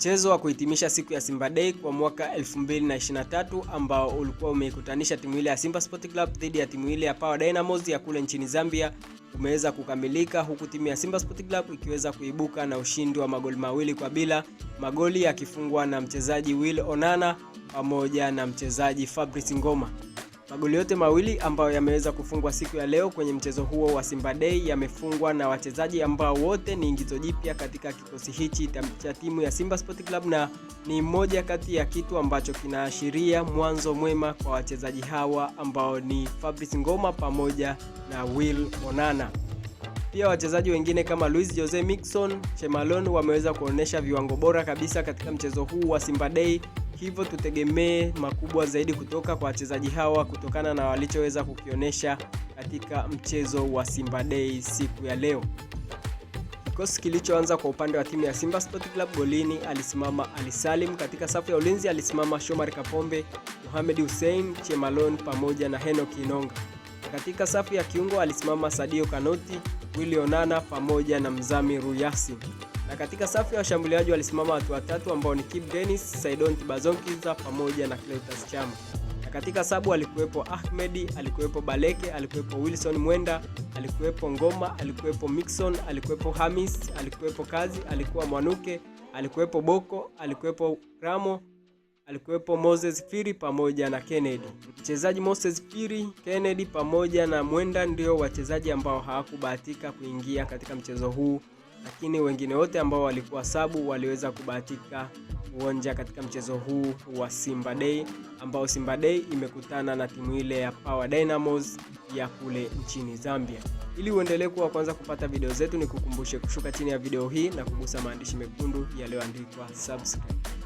mchezo wa kuhitimisha siku ya Simba Day kwa mwaka 2023 ambao ulikuwa umeikutanisha timu ile ya Simba Sport Club dhidi ya timu ile ya Power Dynamos ya kule nchini Zambia umeweza kukamilika huku timu ya Simba Sport Club ikiweza kuibuka na ushindi wa magoli mawili kwa bila, magoli yakifungwa na mchezaji Will Onana pamoja na mchezaji Fabrice Ngoma. Magoli yote mawili ambayo yameweza kufungwa siku ya leo kwenye mchezo huo wa Simba Day yamefungwa na wachezaji ambao wote ni ingizo jipya katika kikosi hichi cha timu ya Simba Sport Club, na ni moja kati ya kitu ambacho kinaashiria mwanzo mwema kwa wachezaji hawa ambao ni Fabrice Ngoma pamoja na Will Onana. Pia wachezaji wengine kama Luis Jose Mixon, Chemalon wameweza kuonyesha viwango bora kabisa katika mchezo huu wa Simba Day hivyo tutegemee makubwa zaidi kutoka kwa wachezaji hawa kutokana na walichoweza kukionyesha katika mchezo wa Simba Day siku ya leo. Kikosi kilichoanza kwa upande wa timu ya Simba Sport Club, golini alisimama Ali Salim, katika safu ya ulinzi alisimama Shomari Kapombe, Mohamed Hussein Chemalon pamoja na Henok Inonga. Katika safu ya kiungo alisimama Sadio Kanoti, Willy Onana pamoja na Mzami ruyasi na katika safu ya washambuliaji walisimama watu watatu ambao ni Kibu Dennis, Saidon Tibazonkiza pamoja na Clatous Chama, na katika sabu alikuwepo Ahmedi, alikuwepo Baleke, alikuwepo Wilson Mwenda, alikuwepo Ngoma, alikuwepo Mixon, alikuwepo Hamis, alikuwepo Kazi, alikuwa Mwanuke, alikuwepo Boko, alikuwepo Ramo, alikuwepo Moses Firi pamoja na Kennedy. Mchezaji Moses Firi, Kennedy pamoja na Mwenda ndio wachezaji ambao hawakubahatika kuingia katika mchezo huu lakini wengine wote ambao walikuwa sabu waliweza kubahatika kuonja katika mchezo huu wa Simba Day ambao Simba Day imekutana na timu ile ya Power Dynamos ya kule nchini Zambia. Ili uendelee kuwa kwanza kupata video zetu, ni kukumbushe kushuka chini ya video hii na kugusa maandishi mekundu yaliyoandikwa subscribe.